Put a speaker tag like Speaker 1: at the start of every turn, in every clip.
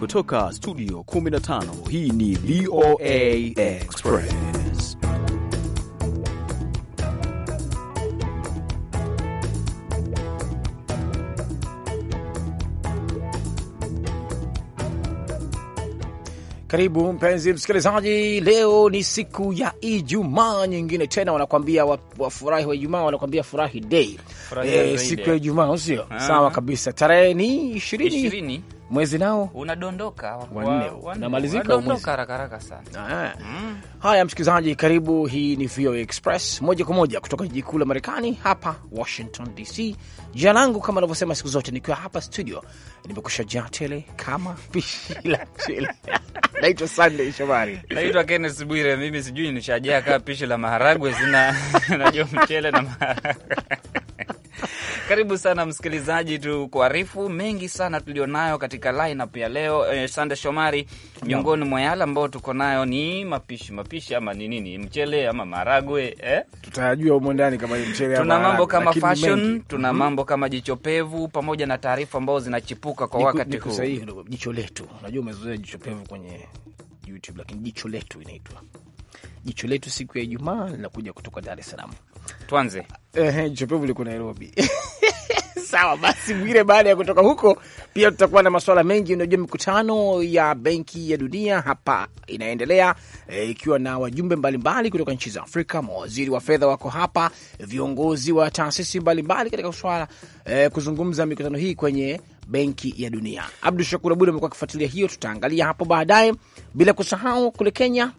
Speaker 1: Kutoka studio 15 hii ni VOA
Speaker 2: Express.
Speaker 1: Karibu mpenzi msikilizaji, leo ni siku ya Ijumaa nyingine tena, wanakwambia wafurahi wa Ijumaa, wanakwambia furahi dei, eh, siku ya Ijumaa sio ah. sawa kabisa. Tarehe ni ishirini mwezi nao
Speaker 3: unadondoka wanne unamalizika unadondoka haraka haraka sana. Eh. Mm.
Speaker 1: Haya, msikilizaji, karibu. Hii ni VOA Express moja kwa moja kutoka jiji kuu la Marekani hapa Washington DC. Jina langu kama anavyosema siku zote, nikiwa hapa studio nimekusha jaa tele kama pishi la mchele naitwa Sunday Shomari, naitwa
Speaker 3: Kenneth Bwire. Mimi sijui nishajaa kama pishi la maharagwe, zina najua mchele na maharagwe karibu sana msikilizaji, tu kuarifu mengi sana tulionayo katika lineup ya leo. Eh, Sande Shomari, miongoni mwa yale ambayo tuko nayo ni mapishi mapishi, ama ni nini, mchele ama maragwe eh?
Speaker 1: Tutayajua humo ndani kama ni mchele. Tuna mambo kama fashion mengi. Tuna mhm. mambo
Speaker 3: kama jicho pevu pamoja na taarifa ambazo zinachipuka kwa wakati huu. Sahihi,
Speaker 1: jicho letu. Unajua umezoea jicho pevu kwenye YouTube, lakini jicho letu inaitwa jicho letu siku ya Ijumaa linakuja kutoka Dar es Salaam tuanze. Ehe, jopevu liko Nairobi. Sawa basi, Bwire, baada ya kutoka huko pia tutakuwa na masuala mengi. Unajua, mikutano ya Benki ya Dunia hapa inaendelea e, ikiwa e, na wajumbe mbalimbali kutoka nchi za Afrika. Mawaziri wa fedha wako hapa, viongozi wa taasisi mbalimbali katika swala e, kuzungumza mikutano hii kwenye Benki ya Dunia. Abdu
Speaker 3: Shakur Abud amekuwa akifuatilia hiyo, tutaangalia hapo baadaye, bila kusahau kule Kenya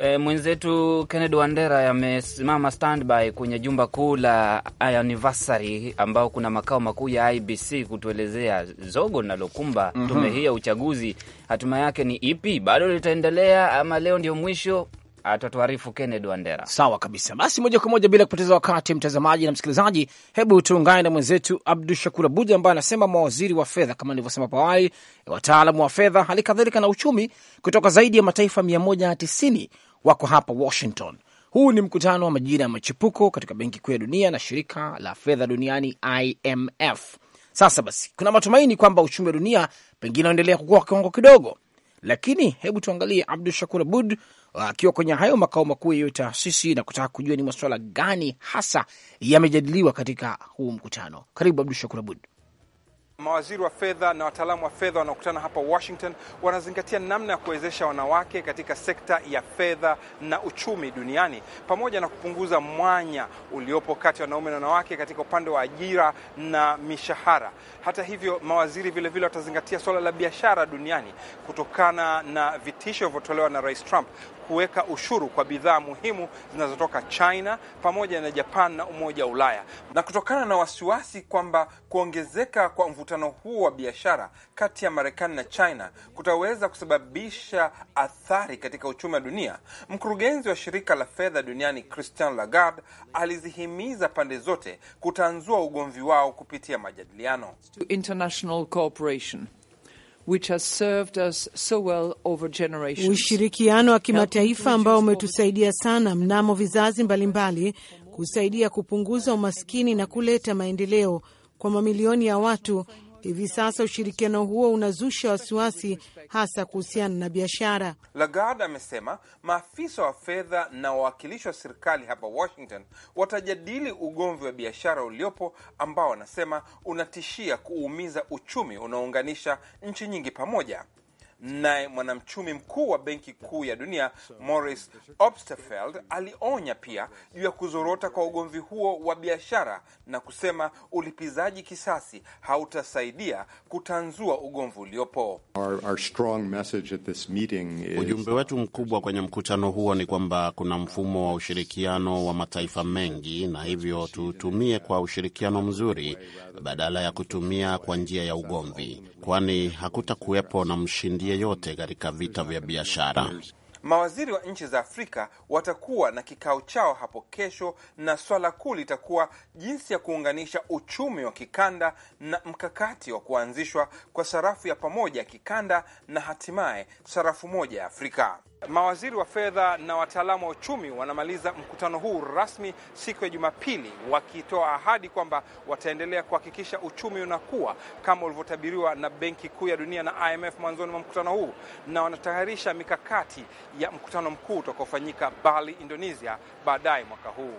Speaker 3: E, mwenzetu Kennedy Wandera amesimama standby kwenye jumba kuu la Anniversary ambao kuna makao makuu ya IBC kutuelezea zogo linalokumba mm -hmm. tume hii ya uchaguzi, hatima yake ni ipi? Bado litaendelea ama leo ndio mwisho? Atatuarifu Kennedy Wandera. Sawa kabisa,
Speaker 1: basi moja kwa moja bila kupoteza wakati, mtazamaji na msikilizaji, hebu tuungane na mwenzetu Abdu Shakur Abud ambaye anasema mawaziri wa fedha, kama nilivyosema hapo awali, wataalamu wa fedha, hali kadhalika na uchumi kutoka zaidi ya mataifa 190 wako hapa Washington. Huu ni mkutano wa majira ya machipuko katika Benki Kuu ya Dunia na shirika la fedha duniani IMF. Sasa basi, kuna matumaini kwamba uchumi wa dunia pengine unaendelea kukua kwa kiwango kidogo, lakini hebu tuangalie Abdu Shakur Abud uh, akiwa kwenye hayo makao makuu ya taasisi na kutaka kujua ni masuala gani hasa yamejadiliwa katika huu mkutano. Karibu Abdu Shakur Abud.
Speaker 4: Mawaziri wa fedha na wataalamu wa fedha wanaokutana hapa Washington wanazingatia namna ya kuwezesha wanawake katika sekta ya fedha na uchumi duniani pamoja na kupunguza mwanya uliopo kati ya wanaume na wanawake katika upande wa ajira na mishahara. Hata hivyo, mawaziri vilevile vile watazingatia suala la biashara duniani kutokana na vitisho vilivyotolewa na Rais Trump kuweka ushuru kwa bidhaa muhimu zinazotoka China pamoja na Japan na Umoja wa Ulaya. Na kutokana na wasiwasi kwamba kuongezeka kwa mvutano huo wa biashara kati ya Marekani na China kutaweza kusababisha athari katika uchumi wa dunia, mkurugenzi wa shirika la fedha duniani Christian Lagarde alizihimiza pande zote kutanzua ugomvi wao kupitia majadiliano
Speaker 3: international cooperation which has served us so well over generations. Ushirikiano wa kimataifa ambao
Speaker 5: umetusaidia sana mnamo vizazi mbalimbali kusaidia kupunguza umaskini na kuleta maendeleo kwa mamilioni ya watu Hivi sasa ushirikiano huo unazusha wasiwasi, hasa kuhusiana na biashara.
Speaker 4: Lagarde amesema maafisa wa fedha na wawakilishi wa serikali hapa Washington watajadili ugomvi wa biashara uliopo ambao wanasema unatishia kuumiza uchumi unaounganisha nchi nyingi pamoja. Naye mwanamchumi mkuu wa Benki Kuu ya Dunia Morris Obsterfeld alionya pia juu ya kuzorota kwa ugomvi huo wa biashara na kusema ulipizaji kisasi hautasaidia kutanzua ugomvi uliopo. Ujumbe wetu mkubwa kwenye mkutano
Speaker 3: huo ni kwamba kuna mfumo wa ushirikiano wa mataifa mengi, na hivyo tutumie kwa ushirikiano mzuri badala ya kutumia kwa njia ya ugomvi, kwani hakutakuwepo na mshindi yeyote katika vita vya biashara.
Speaker 4: Mawaziri wa nchi za Afrika watakuwa na kikao chao hapo kesho, na swala kuu litakuwa jinsi ya kuunganisha uchumi wa kikanda na mkakati wa kuanzishwa kwa sarafu ya pamoja ya kikanda na hatimaye sarafu moja ya Afrika. Mawaziri wa fedha na wataalamu wa uchumi wanamaliza mkutano huu rasmi siku ya Jumapili, wakitoa ahadi kwamba wataendelea kuhakikisha uchumi unakuwa kama ulivyotabiriwa na Benki Kuu ya Dunia na IMF mwanzoni mwa mkutano huu, na wanatayarisha mikakati ya mkutano mkuu utakaofanyika Bali, Indonesia, baadaye mwaka huu.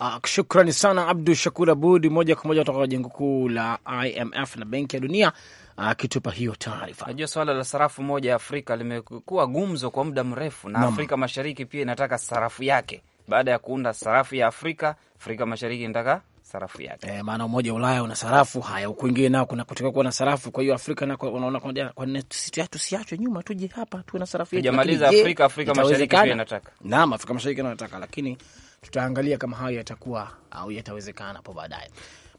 Speaker 1: Ah, shukrani sana Abdu Shakur Abud, moja kwa moja kutoka jengo kuu la IMF na Benki ya Dunia akitupa hiyo taarifa.
Speaker 3: Najua swala la sarafu moja ya Afrika limekuwa gumzo kwa muda mrefu na Nama. Afrika Mashariki pia inataka sarafu yake baada ya kuunda sarafu ya Afrika, Afrika Mashariki inataka sarafu yake
Speaker 1: e, maana umoja wa Ulaya una sarafu haya, ukuingie nao kuna kutoka kuwa na sarafu. Kwa hiyo Afrika kwa, wanaona kwamba tusiachwe nyuma, tuje hapa tuwe na sarafu yetu. Jamaliza Afrika, Afrika Mashariki pia inataka naam, Afrika Mashariki inataka, lakini tutaangalia kama hayo yatakuwa au yatawezekana hapo baadaye.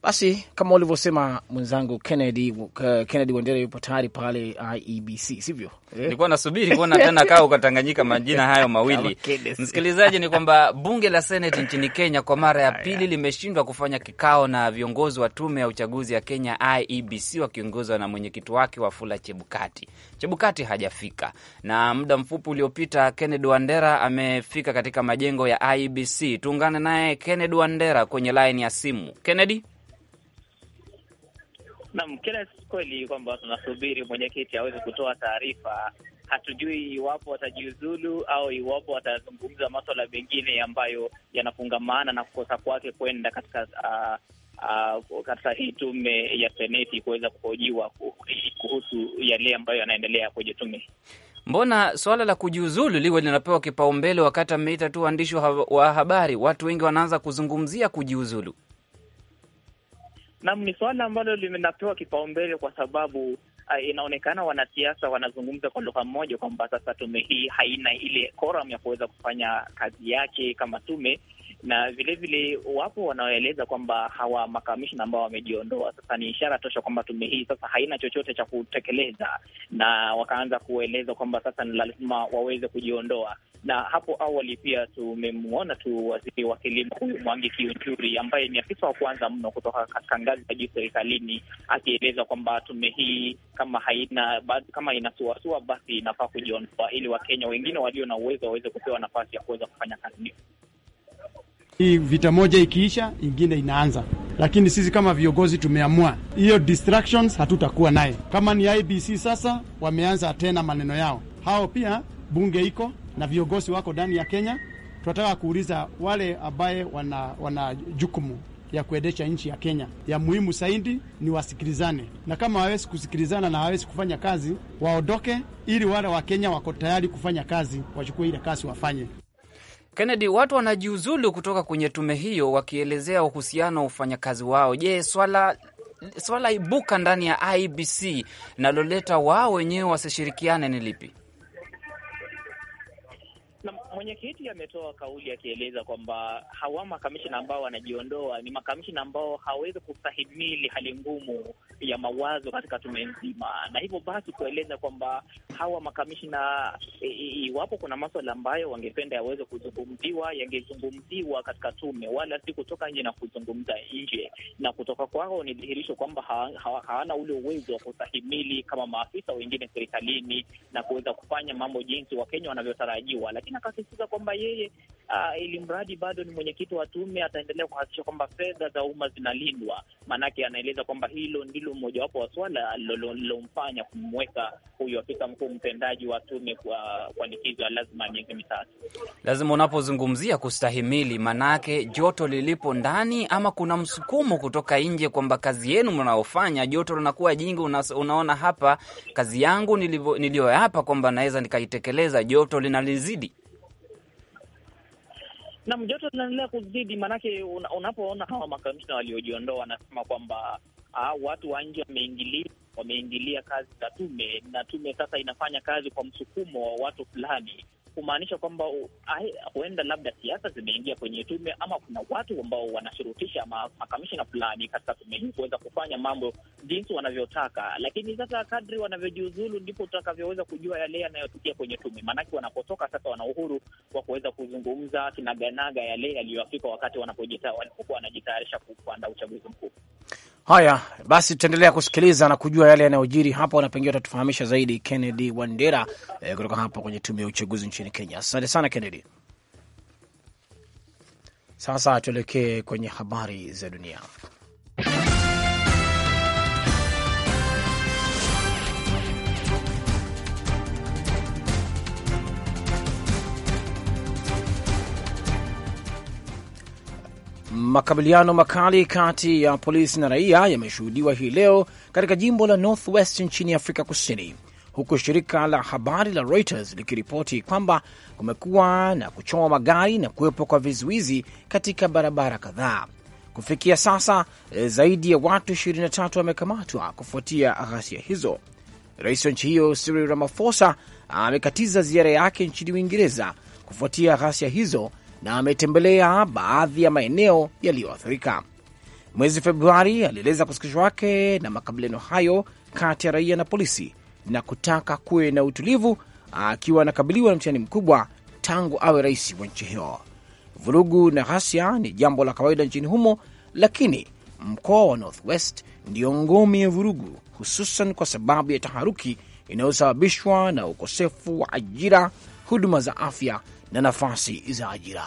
Speaker 1: Basi kama ulivyosema mwenzangu Kennedy, uh, Kennedy Wandera yupo tayari pale uh, IEBC, sivyo?
Speaker 3: Eh? Nilikuwa nasubiri kuona tena kaa ukatanganyika majina hayo mawili. Msikilizaji, ni kwamba bunge la Seneti nchini Kenya kwa mara ya pili limeshindwa kufanya kikao na viongozi wa tume ya uchaguzi ya Kenya IEBC wakiongozwa na mwenyekiti wake Wafula Chebukati. Chebukati hajafika, na muda mfupi uliopita Kennedy Wandera amefika katika majengo ya IEBC. Tuungane naye Kennedy Wandera kwenye laini ya simu. Kennedy?
Speaker 6: Naam, kila kweli kwamba tunasubiri mwenyekiti aweze kutoa taarifa. Hatujui iwapo watajiuzulu au iwapo watazungumza maswala mengine ambayo yanafungamana na kukosa kwake kwenda katika uh, uh, katika hii tume ya seneti kuweza kuhojiwa kuhusu yale ambayo yanaendelea kwenye tume.
Speaker 3: Mbona swala la kujiuzulu liwe linapewa kipaumbele wakati ameita tu waandishi wa habari? Watu wengi wanaanza kuzungumzia kujiuzulu.
Speaker 6: Naam, ni suala ambalo linapewa kipaumbele kwa sababu uh, inaonekana wanasiasa wanazungumza kwa lugha mmoja kwamba sasa tume hii haina ile koram ya kuweza kufanya kazi yake kama tume na vilevile wapo wanaoeleza kwamba hawa makamishna ambao wamejiondoa sasa ni ishara tosha kwamba tume hii sasa haina chochote cha kutekeleza, na wakaanza kueleza kwamba sasa ni lazima waweze kujiondoa. Na hapo awali pia tumemwona tu waziri wa kilimo huyu Mwangi Kiunjuri, ambaye ni afisa wa kwanza mno kutoka katika ngazi za juu serikalini, akieleza kwamba tume hii kama haina kama inasuasua basi inafaa kujiondoa ili Wakenya wengine walio na uwezo waweze kupewa nafasi ya kuweza kufanya kazi hiyo.
Speaker 4: Hii vita moja ikiisha, ingine
Speaker 1: inaanza, lakini sisi kama viongozi tumeamua hiyo distractions hatutakuwa naye. Kama ni IBC sasa, wameanza tena maneno yao hao. Pia bunge iko na viongozi wako ndani ya Kenya, tunataka kuuliza wale ambaye wana, wana jukumu ya kuendesha nchi ya Kenya. Ya muhimu zaidi ni wasikilizane, na kama hawawezi kusikilizana na hawawezi kufanya kazi, waondoke, ili wale wa kenya wako tayari kufanya kazi wachukue ile kazi
Speaker 3: wafanye. Kennedy, watu wanajiuzulu kutoka kwenye tume hiyo wakielezea uhusiano wa ufanyakazi wao. Je, swala swala ibuka ndani ya IBC naloleta wao wenyewe wasishirikiane ni lipi?
Speaker 6: mwenyekiti ametoa kauli akieleza kwamba hawa makamishina ambao wanajiondoa ni makamishina ambao hawezi kustahimili hali ngumu ya mawazo katika tume nzima, na hivyo basi kueleza kwamba hawa makamishina, iwapo kuna maswala ambayo wangependa yaweze kuzungumziwa, yangezungumziwa katika tume, wala si kutoka nje na kuzungumza nje. Na kutoka kwao ni dhihirisho kwamba hawana ha, ha, ule uwezo wa kustahimili kama maafisa wengine serikalini na kuweza kufanya mambo jinsi Wakenya wanavyotarajiwa, lakini akisisitiza kwamba yeye Uh, ili mradi bado ni mwenyekiti wa tume ataendelea kuhakikisha kwamba fedha za umma zinalindwa. Maanake anaeleza kwamba hilo ndilo mmojawapo wa swala lilomfanya kumweka huyu afisa mkuu mtendaji wa tume kwa, kwa likizo ya lazima miezi mitatu.
Speaker 3: Lazima unapozungumzia kustahimili, maanake joto lilipo ndani ama kuna msukumo kutoka nje kwamba kazi yenu mnaofanya joto linakuwa jingi. Una, unaona hapa kazi yangu niliyoyapa kwamba naweza nikaitekeleza, joto linalizidi
Speaker 6: Nam, joto linaendelea kuzidi, maanake unapoona hawa makamishna waliojiondoa wanasema kwamba ah, watu wa nje wameingilia wameingilia kazi za tume na tume sasa inafanya kazi kwa msukumo wa watu fulani kumaanisha kwamba huenda labda siasa zimeingia kwenye tume, ama kuna watu ambao wanashurutisha makamishina fulani katika tume hii kuweza kufanya mambo jinsi wanavyotaka. Lakini sasa kadri wanavyojiuzulu ndipo tutakavyoweza kujua yale yanayotukia kwenye tume, maanake wanapotoka sasa wana uhuru wa kuweza kuzungumza kinaganaga yale yaliyoafika wakati walipokuwa wanajitayarisha kupanda uchaguzi mkuu.
Speaker 1: Haya basi, tutaendelea kusikiliza na kujua yale yanayojiri hapo, na pengine utatufahamisha zaidi Kennedy Wandera eh, kutoka hapa kwenye tume ya uchaguzi nchini Kenya. Asante sana Kennedy. Sasa tuelekee kwenye habari za dunia. Makabiliano makali kati ya polisi na raia yameshuhudiwa hii leo katika jimbo la Northwest nchini Afrika Kusini, huku shirika la habari la Reuters likiripoti kwamba kumekuwa na kuchoma magari na kuwepo kwa vizuizi katika barabara kadhaa. Kufikia sasa eh, zaidi ya watu 23 wamekamatwa kufuatia ghasia hizo. Rais wa nchi hiyo Cyril Ramaphosa amekatiza ziara yake nchini Uingereza kufuatia ghasia hizo na ametembelea baadhi ya maeneo yaliyoathirika. Mwezi Februari alieleza kusikishwa wake na makabiliano hayo kati ya raia na polisi na kutaka kuwe na utulivu, akiwa anakabiliwa na mtihani mkubwa tangu awe rais wa nchi hiyo. Vurugu na ghasia ni jambo la kawaida nchini humo, lakini mkoa wa Northwest ndiyo ngome ya vurugu, hususan kwa sababu ya taharuki inayosababishwa na ukosefu wa ajira, huduma za afya na nafasi za
Speaker 3: ajira.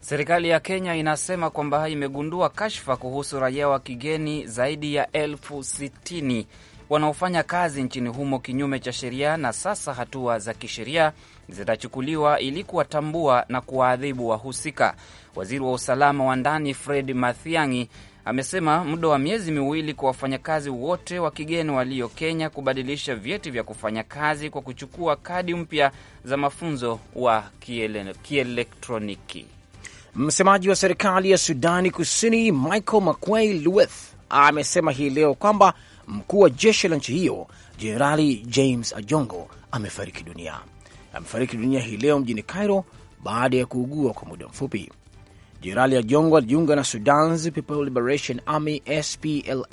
Speaker 3: Serikali ya Kenya inasema kwamba imegundua kashfa kuhusu raia wa kigeni zaidi ya elfu sitini wanaofanya kazi nchini humo kinyume cha sheria, na sasa hatua za kisheria zitachukuliwa ili kuwatambua na kuwaadhibu wahusika. Waziri wa usalama wa ndani Fred mathiangi amesema muda wa miezi miwili kwa wafanyakazi wote wa kigeni walio Kenya kubadilisha vyeti vya kufanya kazi kwa kuchukua kadi mpya za mafunzo wa kielektroniki.
Speaker 1: Msemaji wa serikali ya Sudani Kusini Michael Makwei Lueth amesema hii leo kwamba mkuu wa jeshi la nchi hiyo Jenerali James Ajongo amefariki dunia. Amefariki dunia hii leo mjini Cairo baada ya kuugua kwa muda mfupi. Jenerali Ajongo alijiunga na Sudan's People Liberation Army SPLA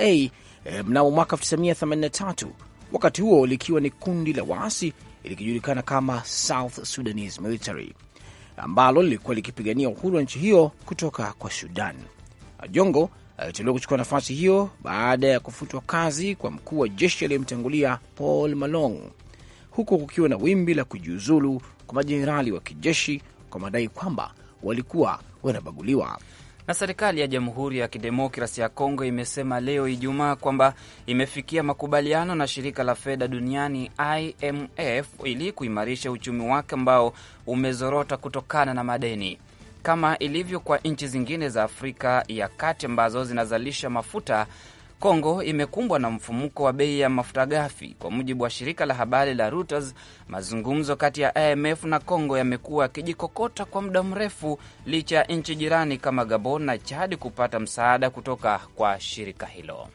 Speaker 1: eh, mnamo mwaka 1983 wakati huo likiwa ni kundi la waasi likijulikana kama South Sudanese Military ambalo lilikuwa likipigania uhuru wa nchi hiyo kutoka kwa Sudan. Ajongo aliteuliwa kuchukua nafasi hiyo baada ya kufutwa kazi kwa mkuu wa jeshi aliyemtangulia Paul Malong, huku kukiwa na wimbi la kujiuzulu kwa majenerali wa kijeshi kwa madai kwamba walikuwa wanabaguliwa.
Speaker 3: Na serikali ya Jamhuri ya Kidemokrasi ya Kongo imesema leo Ijumaa kwamba imefikia makubaliano na shirika la fedha duniani IMF ili kuimarisha uchumi wake ambao umezorota kutokana na madeni. Kama ilivyo kwa nchi zingine za Afrika ya Kati ambazo zinazalisha mafuta, Kongo imekumbwa na mfumuko wa bei ya mafuta ghafi. Kwa mujibu wa shirika la habari la Reuters, mazungumzo kati ya IMF na Kongo yamekuwa yakijikokota kwa muda mrefu, licha ya nchi jirani kama Gabon na Chadi kupata msaada kutoka kwa shirika hilo.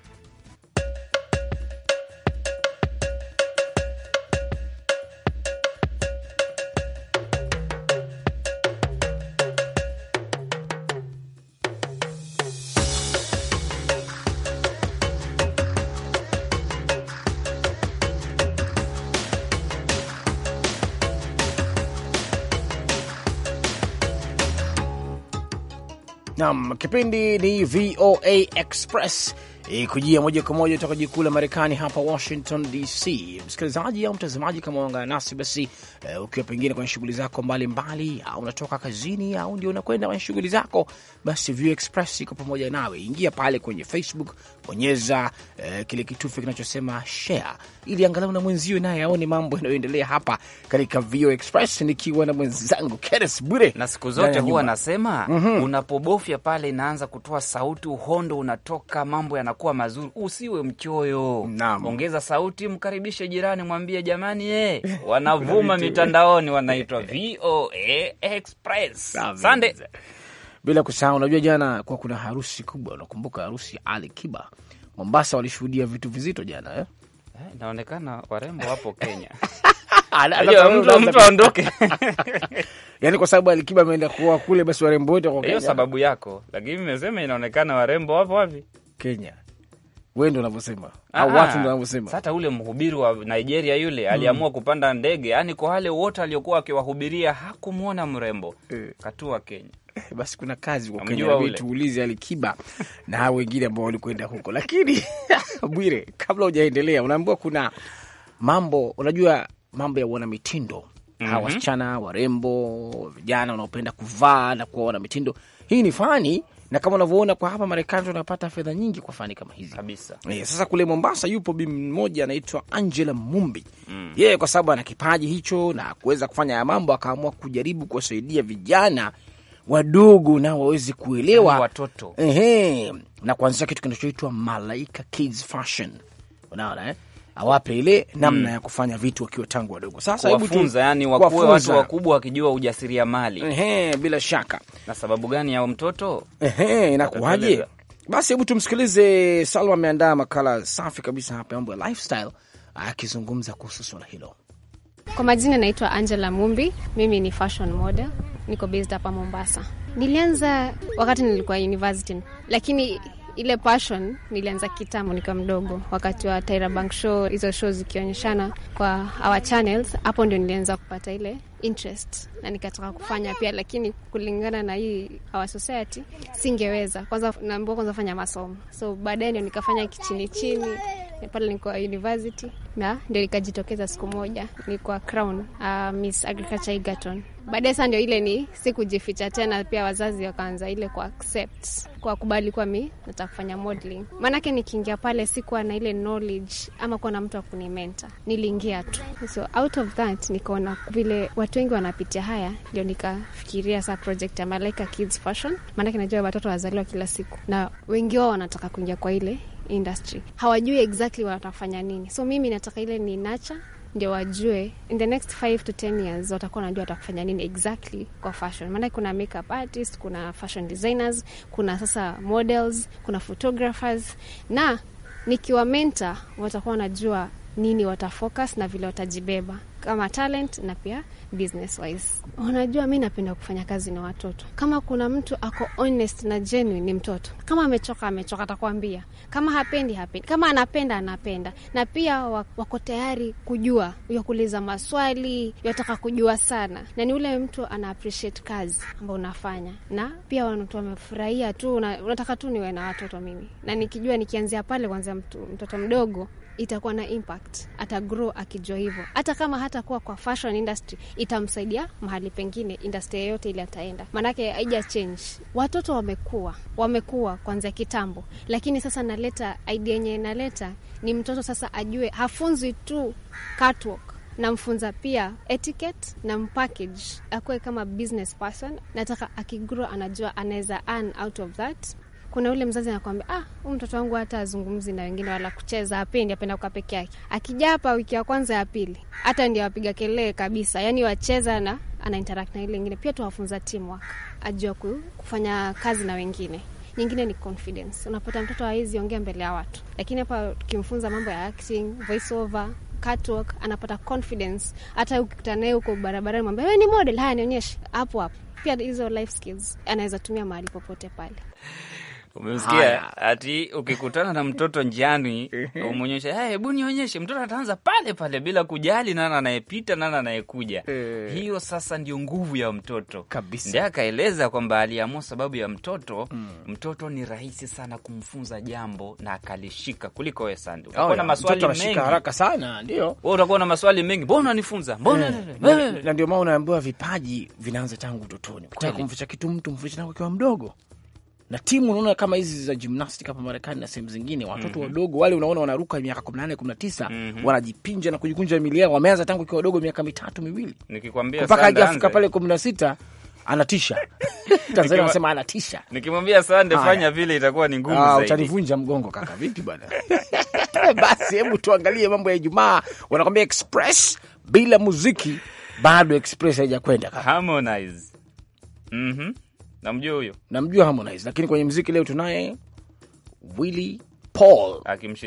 Speaker 1: Nam, kipindi ni VOA Express ikujia eh, moja kwa moja kutoka jikuu la Marekani hapa Washington DC. Msikilizaji au mtazamaji, kama unaungana nasi basi, uh, ukiwa pengine kwenye shughuli zako mbalimbali, au unatoka kazini, au ndio unakwenda kwenye shughuli zako, basi View Express iko pamoja nawe. Ingia pale kwenye Facebook, bonyeza uh, kile kitufe kinachosema share, ili angalau na mwenzio naye aone mambo yanayoendelea hapa katika View Express, nikiwa na mwenzangu Kenes
Speaker 3: Bwire. Na siku zote huwa nasema mm -hmm. unapobofya pale inaanza kutoa sauti, uhondo unatoka, mambo yana yanakuwa mazuri. Usiwe mchoyo, ongeza sauti, mkaribishe jirani, mwambie jamani, eh, wanavuma mitandaoni, wanaitwa VOA Express Sande.
Speaker 1: Bila kusahau, unajua jana kuwa kuna harusi kubwa, unakumbuka harusi Ali Kiba Mombasa, walishuhudia vitu vizito jana eh? eh naonekana
Speaker 3: warembo wapo Kenya. Mtu aondoke
Speaker 1: yani, kwa sababu Alikiba ameenda kuoa kule, basi warembo wote wako Kenya. Hiyo sababu
Speaker 3: yako, lakini nimesema inaonekana warembo wapo wapi? Kenya wendo ndio unavyosema au ah, watu ah. ndo wanavyosema. Hata ule mhubiri wa Nigeria yule hmm. aliamua mm. kupanda ndege, yaani kwa wale wote aliokuwa akiwahubiria hakumwona mrembo eh. katua Kenya. Eh,
Speaker 1: basi kuna kazi kwa Kenya, tuulize Alikiba na hao wengine ambao walikwenda huko. Lakini Bwire, kabla hujaendelea, unaambiwa kuna mambo, unajua mambo ya wana mitindo mm -hmm. wasichana warembo, vijana wanaopenda kuvaa na kuwa wana mitindo. Hii ni fani na kama unavyoona kwa hapa Marekani tunapata fedha nyingi kwa fani kama hizi kabisa. E, sasa kule Mombasa yupo bi mmoja anaitwa Angela Mumbi mm. Yeye kwa sababu ana kipaji hicho na kuweza kufanya ya mambo, akaamua kujaribu kuwasaidia vijana wadogo na wawezi kuelewa yaani watoto ehe, na kuanzisha kitu kinachoitwa Malaika Kids Fashion, unaona eh? awape ile namna mm. ya kufanya vitu wakiwa tangu wadogo. Sasa hebu tufunza, yani wakuwe watu
Speaker 3: wakubwa wakijua ujasiriamali. Ehe, bila shaka. Na sababu gani ya mtoto?
Speaker 1: Ehe, inakuwaje? Basi hebu tumsikilize. Salwa ameandaa makala safi kabisa hapa, mambo ya lifestyle, akizungumza kuhusu swala hilo.
Speaker 2: Kwa majina naitwa Angela Mumbi, mimi ni fashion model, niko based hapa Mombasa. Nilianza wakati nilikuwa university, lakini ile passion nilianza kitambo nikiwa mdogo, wakati wa Tyra Bank show, hizo show zikionyeshana kwa our channels. Hapo ndio nilianza kupata ile interest na nikataka kufanya pia, lakini kulingana na hii our society singeweza. Kwanza naambiwa kwanza fanya masomo, so baadaye ndio nikafanya kichini chini Eh, pale nilikuwa university, na ndio nikajitokeza siku moja, nilikuwa crown uh, Miss Agriculture Egerton. Baadaye sasa ndio ile ni sikujificha tena, pia wazazi wakaanza ile ku accept kwa kubali kwa mi nataka kufanya modeling. Maanake nikiingia pale sikuwa na ile knowledge ama kuwa na mtu wa kunimenta, niliingia tu. So out of that nikaona vile watu wengi wanapitia haya, ndio nikafikiria saa project ya Malaika Kids Fashion, maanake najua watoto wazaliwa kila siku na wengi wao wanataka kuingia kwa ile industry, hawajui exactly watafanya nini. So mimi nataka ile ni nacha ndio wajue in the next 5 to 10 years watakuwa wanajua watakufanya nini exactly kwa fashion. Maana kuna makeup artist, kuna fashion designers, kuna sasa models, kuna photographers, na nikiwa mentor watakuwa wanajua nini watafocus na vile watajibeba kama talent na pia business wise. Unajua, mi napenda kufanya kazi na watoto. Kama kuna mtu ako honest na genuine, ni mtoto. Kama amechoka amechoka, atakwambia. Kama hapendi hapendi, kama anapenda anapenda, na pia wako tayari kujua, ya kuuliza maswali, yataka kujua sana, na ni ule mtu ana appreciate kazi ambayo unafanya, na pia watu wamefurahia tu. Unataka tu niwe na watoto mimi, na nikijua nikianzia pale kwanza, mtoto mdogo itakuwa na impact, atagrow akijua hivyo. Hata kama hatakuwa kwa fashion industry, itamsaidia mahali pengine, industry yeyote ile ataenda, maanake haija change. Watoto wamekuwa wamekuwa kwanza kitambo, lakini sasa naleta idea yenye naleta ni mtoto sasa ajue, hafunzi tu catwalk namfunza pia etiquette na mpackage, akuwe kama business person. Nataka akigrow, anajua anaweza earn out of that kuna yule mzazi anakwambia, ah, huyu mtoto wangu hata azungumzi na wengine wala kucheza, apendi, apenda kukaa peke yake. Akija hapa wiki ya kwanza ya pili, hata ndio apiga kelele kabisa, yani wacheza na ana interact na ile ingine. Pia tuwafunza teamwork, ajua kufanya kazi na wengine. Nyingine ni confidence, unapata mtoto hawezi ongea mbele ya watu, lakini hapa tukimfunza mambo ya acting, voiceover, catwalk, anapata confidence. Hata ukikuta naye huko barabarani, mwambia wewe ni model, haya nionyeshe hapo hapo. Pia hizo life skills anaweza tumia mahali popote pale.
Speaker 3: Umemsikia ati ukikutana na mtoto njiani umwonyesha, hey, hebu nionyeshe. Mtoto ataanza pale pale bila kujali nana anayepita nana anayekuja. Eh. Hiyo sasa ndio nguvu ya mtoto kabisa. Ndiye akaeleza kwamba aliamua sababu ya mtoto mm. Mtoto ni rahisi sana kumfunza jambo na akalishika kuliko wewe. Sandi, oh, utakuwa na maswali mengi haraka sana, ndio wewe utakuwa na maswali mengi, mbona unanifunza, mbona eh.
Speaker 1: na ndio maana unaambiwa vipaji vinaanza tangu utotoni. Kutaka kumficha kitu mtu mfiche tangu mdogo na timu unaona kama hizi za gymnastic hapa Marekani na sehemu zingine, watoto mm -hmm. wadogo wale unaona wanaruka miaka 18 19, mm -hmm. wanajipinja na kujikunja miili yao, wameanza tangu kiwa wadogo miaka mitatu miwili,
Speaker 3: nikikwambia mpaka hajafika pale
Speaker 1: 16 anatisha Tanzania wanasema
Speaker 3: anatisha. Nikimwambia Sande fanya vile itakuwa ni ngumu ah, zaidi.
Speaker 1: Utanivunja mgongo kaka, vipi bwana? Basi hebu tuangalie mambo ya Ijumaa, wanakwambia express bila muziki bado express haijakwenda kaka. Harmonize. Mhm. Mm namjua huyo, namjua Harmonize, lakini kwenye mziki leo tunaye Willy
Speaker 3: Paul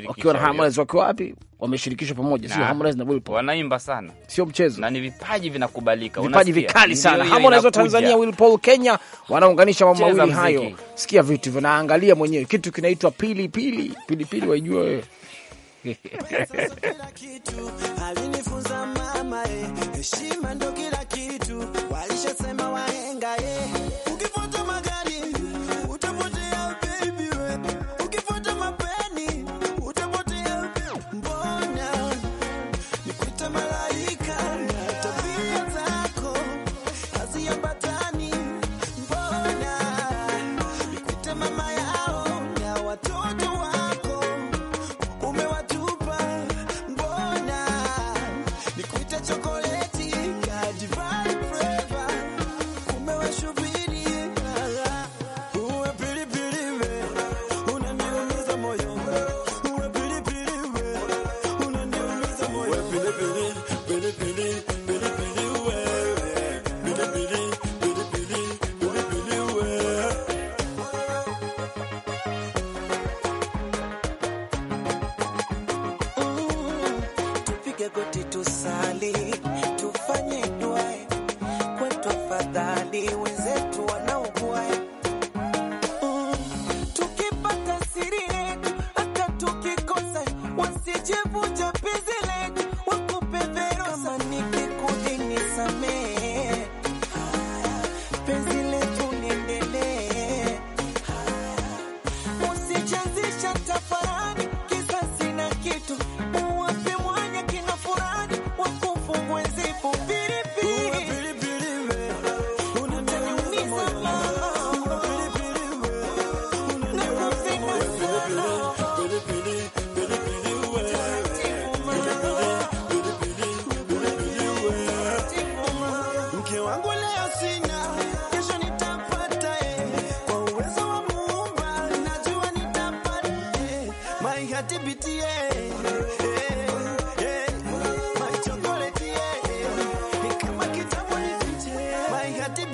Speaker 3: wakiwa na Harmonize,
Speaker 1: wakiwa wapi? Wameshirikishwa pamoja, sio? Harmonize na Willy
Speaker 3: Paul wanaimba sana, sio mchezo, na ni vipaji vinakubalika, vipaji vikali sana. Harmonize wa Tanzania,
Speaker 1: Willy Paul Kenya, wanaunganisha mambo mawili hayo. Sikia vitu hivyo, naangalia mwenyewe, kitu kinaitwa pili pili pili pili, waijua wewe alinifunza mama, eh. heshima ndio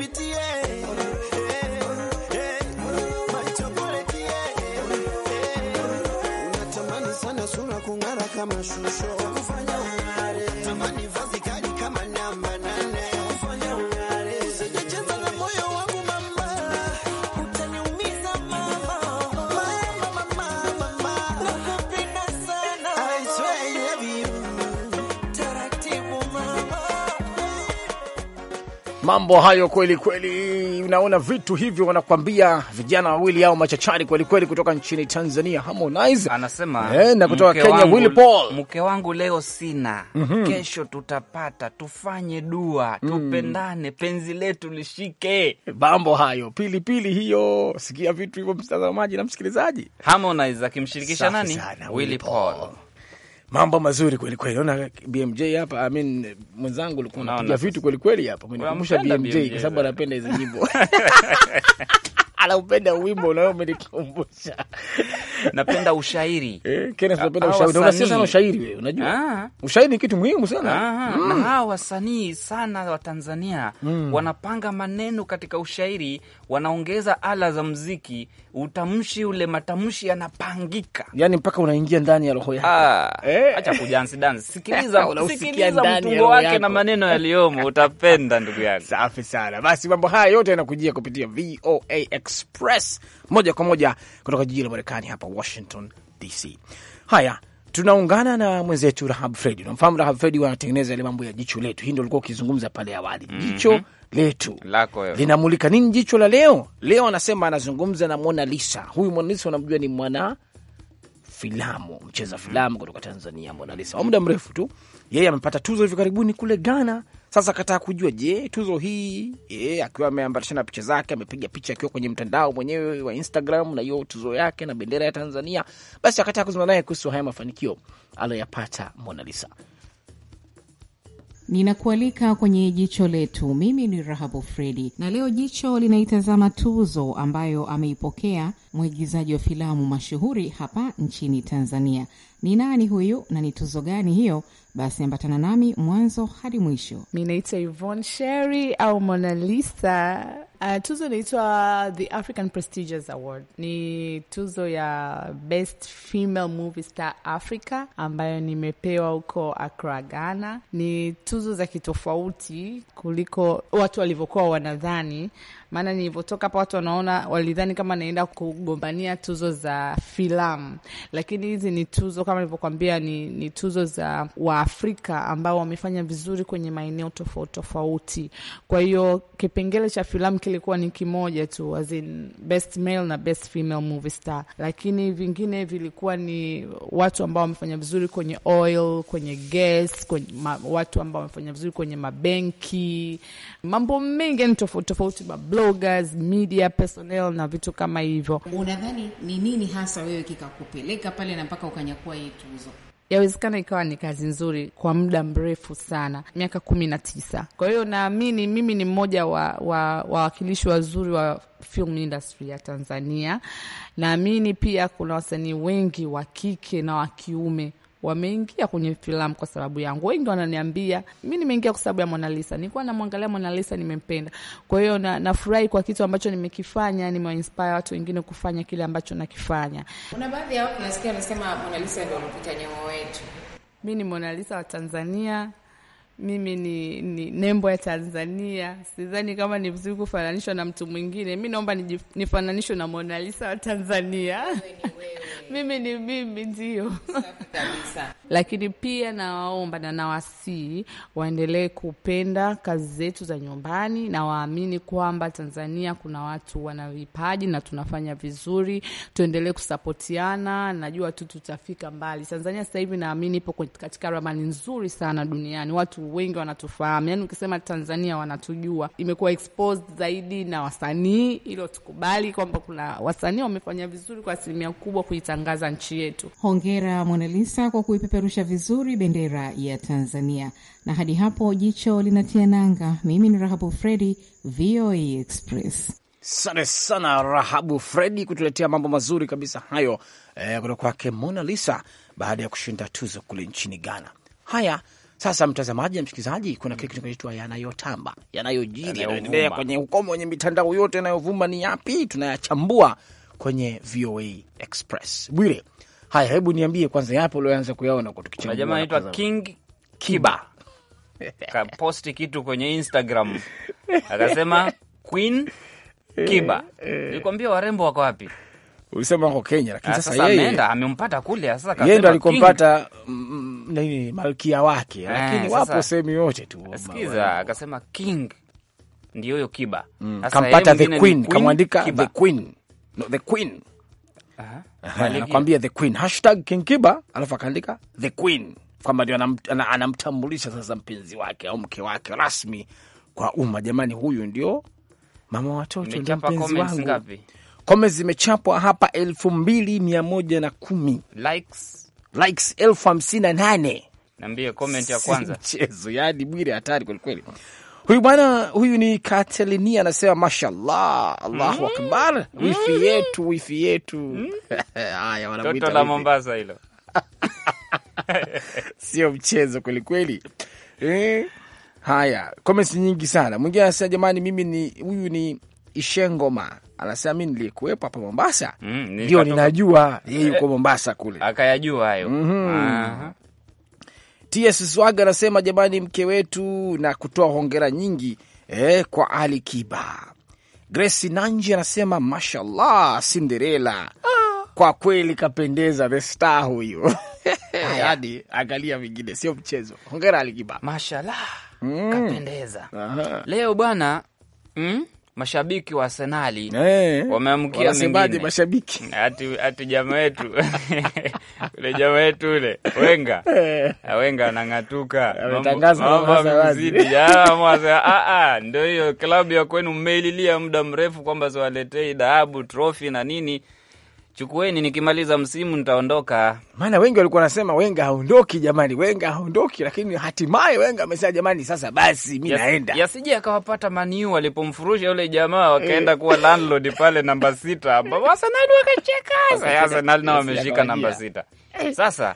Speaker 1: PTA. mambo hayo kweli kweli, unaona vitu hivyo wanakwambia vijana wawili hao machachari kweli kweli, kutoka nchini Tanzania
Speaker 3: Harmonize anasema eh, na kutoka Kenya wangu, Paul, mke wangu leo sina mm -hmm. kesho tutapata, tufanye dua mm. tupendane, penzi letu lishike.
Speaker 1: Eh, mambo hayo pilipili pili hiyo, sikia vitu hivyo mtazamaji na msikilizaji. Harmonize
Speaker 3: akimshirikisha nani? Willy Paul, Paul.
Speaker 1: Mambo mazuri kweli kweli. Ona BMJ hapa, I mean mwenzangu alikuwa vitu
Speaker 3: kweli kweli hapa. Mwenikumbusha BMJ kwa sababu anapenda hizo
Speaker 1: nyimbo. Anaupenda wimbo na wewe umenikumbusha. Napenda ushairi. Eh, Kenneth ushairi. Unasikia sana ushairi wewe, unajua? Ah. Ushairi ni kitu muhimu sana. Mm. Na
Speaker 3: hawa wasanii sana wa Tanzania mm, wanapanga maneno katika ushairi, wanaongeza ala za muziki utamshi ule matamshi yanapangika,
Speaker 1: yani mpaka unaingia ndani ya roho yako.
Speaker 3: Ah. Eh, acha kujansi dansi, sikiliza sikiliza mtungo wake na maneno yaliyomo, utapenda ndugu yako. Safi sana. Basi mambo haya
Speaker 1: yote yanakujia kupitia VOA Express moja kwa moja kutoka jiji la Marekani hapa Washington DC. Haya, tunaungana na mwenzetu Rahab Fredi. Unamfahamu Rahab Fredi, wanatengeneza ile mambo ya jicho letu. Hii ndo ulikuwa ukizungumza pale awali, mhm. jicho mm -hmm letu linamulika nini jicho la leo. Leo anasema anazungumza na Mona Lisa. Huyu Mona Lisa unamjua ni mwana filamu, mcheza filamu kutoka Tanzania, Mona Lisa wa muda mrefu tu. Yeye amepata tuzo hivi karibuni kule Ghana. Sasa kataa kujua, je, tuzo hii e, akiwa ameambatishana picha zake, amepiga picha akiwa kwenye mtandao mwenyewe wa Instagram na hiyo tuzo yake na bendera ya Tanzania. Basi akataa kuzungumza naye kuhusu haya mafanikio aliyoyapata Mona Lisa.
Speaker 5: Ninakualika kwenye jicho letu. Mimi ni Rahabu Fredi, na leo jicho linaitazama tuzo ambayo ameipokea mwigizaji wa filamu mashuhuri hapa nchini Tanzania. Ni nani huyu na ni tuzo gani hiyo? Basi ambatana nami mwanzo hadi mwisho. Mi naitwa Yvonne Sheri au lisa Uh, tuzo inaitwa The African Prestigious Award, ni tuzo ya Best Female Movie Star Africa ambayo nimepewa huko Accra, Ghana. Ni tuzo za kitofauti kuliko watu walivyokuwa wanadhani maana nilivyotoka hapa watu wanaona, walidhani kama naenda kugombania tuzo za filamu, lakini hizi ni tuzo kama nilivyokwambia, ni, ni tuzo za Waafrika ambao wamefanya vizuri kwenye maeneo tofauti tofauti. Kwa hiyo kipengele cha filamu kilikuwa ni kimoja tu, as in best male na best female movie star, lakini vingine vilikuwa ni watu ambao wamefanya vizuri kwenye oil, kwenye gas, kwenye ma, watu ambao wamefanya vizuri kwenye mabenki, mambo mengi ni yaani tofauti tofauti, mablo bloggers, media personnel na vitu kama hivyo. Unadhani ni nini hasa wewe kikakupeleka pale na mpaka ukanyakua hii tuzo? Yawezekana ikawa ni kazi nzuri kwa muda mrefu sana, miaka kumi na tisa. Kwa hiyo naamini mimi ni mmoja wa wawakilishi wa wazuri wa film industry ya Tanzania. Naamini pia kuna wasanii wengi wa kike na wa kiume wameingia kwenye filamu kwa sababu yangu. Wengi wananiambia mi nimeingia kwa sababu ya mwanalisa nilikuwa namwangalia mwanalisa nimempenda. Kwa hiyo nafurahi na kwa kitu ambacho nimekifanya, nimewainspire watu wengine kufanya kile ambacho nakifanya. Kuna baadhi ya watu nasikia wanasema mwanalisa ndo mpita nyemo wetu. Mi ni mwanalisa wa Tanzania mimi ni, ni nembo ya Tanzania. Sidhani kama ni vizuri kufananishwa na mtu mwingine. Mi naomba nifananishwe na Mona Lisa wa Tanzania. mimi ni mimi, ndio lakini pia nawaomba na nawasii waendelee kupenda kazi zetu za nyumbani na waamini kwamba Tanzania kuna watu wana vipaji na tunafanya vizuri. Tuendelee kusapotiana, najua tu tutafika mbali. Tanzania sasa hivi naamini ipo katika ramani nzuri sana duniani watu wengi wanatufahamu, yani ukisema Tanzania wanatujua. Imekuwa exposed zaidi na wasanii, hilo tukubali kwamba kuna wasanii wamefanya vizuri kwa asilimia kubwa kuitangaza nchi yetu. Hongera Mwanalisa kwa kuipeperusha vizuri bendera ya Tanzania. Na hadi hapo jicho linatia nanga. Mimi ni Rahabu Fredi, VOA Express.
Speaker 1: sante sana Rahabu Fredi kutuletea mambo mazuri kabisa hayo, eh, kutoka kwake Mona Lisa baada ya kushinda tuzo kule nchini Ghana. Haya, sasa mtazamaji na msikilizaji, kuna kile kinachoitwa yanayotamba, yanayojiri, yanayoendelea kwenye ukomo, kwenye mitandao yote yanayovuma ni yapi? Tunayachambua kwenye VOA Express. Bwire, haya, hebu niambie kwanza, yapo ulioanza kuyaona? tukichambua. jamaa anaitwa King Kiba
Speaker 3: kaposti kitu kwenye Instagram akasema Queen Kiba, nilikwambia warembo wako wapi?
Speaker 1: ulisema wako Kenya, lakini ah, sasa yeye amempata kule, sasa kasema yeye ndo alikompata mm, nini malkia wake, eh, lakini wapo sehemu yote
Speaker 3: tu. Sikiza, akasema king ndio hiyo kiba. Mm, sasa kampata the queen, kamwandika the queen, no the queen, eh, anakwambia
Speaker 1: the queen hashtag king kiba, alafu akaandika the queen kwamba ndio anamtambulisha sasa mpenzi wake au mke wake rasmi kwa umma. Jamani, huyu ndio mama watoto, ndio mpenzi wangu. Comments zimechapwa hapa elfu mbili mia moja na kumi likes, likes elfu hamsini na nane
Speaker 3: Niambie comment ya kwanza.
Speaker 1: Mchezo yani Bwire hatari kwelikweli. Huyu bwana huyu ni Katelini anasema mashallah, Allahu mm-hmm. akbar. Mm -hmm. Wifi mm-hmm. yetu, wifi yetu. Mm -hmm. Haya Toto la Mombasa hilo. Sio mchezo kwelikweli Eh? Haya, comments nyingi sana. Mwingine anasema jamani, mimi ni huyu ni Ishengoma anasema mi nilikuwepo hapa Mombasa
Speaker 3: ndio mm, ninajua
Speaker 1: eh. yeye yuko Mombasa kule akayajua hayo mm -hmm. TS Swaga anasema jamani, mke wetu na kutoa hongera nyingi eh, kwa Ali Kiba. Grace Nanji anasema mashallah, Cinderella ah. kwa kweli kapendeza, the star huyu yani angalia vingine, sio mchezo. Hongera Ali
Speaker 3: Kiba, mashallah mm, kapendeza. Aha. Leo bwana mm? mashabiki wa Arsenali hey, eh, wameamkia mengine mashabiki ati, ati jama wetu ule jama wetu ule Wenga eh. ah, Wenga anang'atuka ah, ah, ndio hiyo klabu ya kwenu mmeililia muda mrefu kwamba ziwaletei dhahabu, trofi na nini chukueni, nikimaliza msimu nitaondoka.
Speaker 1: Maana wengi walikuwa wanasema Wenga haondoki jamani, Wenga haondoki, lakini hatimaye Wenga amesema jamani, sasa
Speaker 3: basi mi naenda. Yasije akawapata Maniu walipomfurusha yule jamaa wakaenda eh. kuwa landlord pale namba sita, Arsenal wakacheka. Arsenal nao wameshika namba sita. Eh. Sasa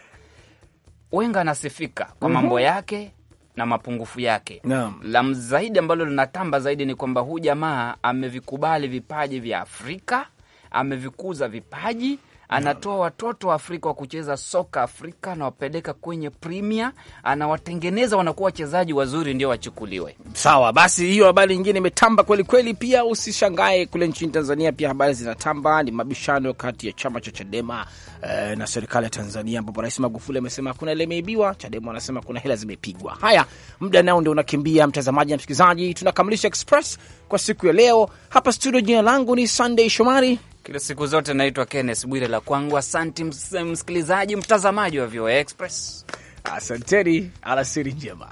Speaker 3: Wenga anasifika kwa mhm. mambo yake na mapungufu yake no. La zaidi ambalo linatamba zaidi ni kwamba huu jamaa amevikubali vipaji vya Afrika amevikuza vipaji anatoa watoto wa Afrika wa kucheza soka Afrika, anawapeleka kwenye Premier, anawatengeneza wanakuwa wachezaji wazuri, ndio wachukuliwe.
Speaker 1: Sawa basi, hiyo habari nyingine imetamba kweli kweli. Pia usishangae kule nchini Tanzania pia habari zinatamba, ni mabishano kati ya chama cha Chadema eh, na serikali ya Tanzania, ambapo Rais Magufuli amesema hakuna hela imeibiwa, Chadema wanasema kuna hela zimepigwa. Haya, muda nao ndio unakimbia, mtazamaji na msikilizaji, tunakamilisha Express kwa siku ya leo hapa studio. Jina langu ni Sunday Shomari
Speaker 3: kila siku zote naitwa Kenneth Bwire la kwangu. Asanti msikilizaji, mtazamaji wa VOA Express, asanteni, alasiri njema.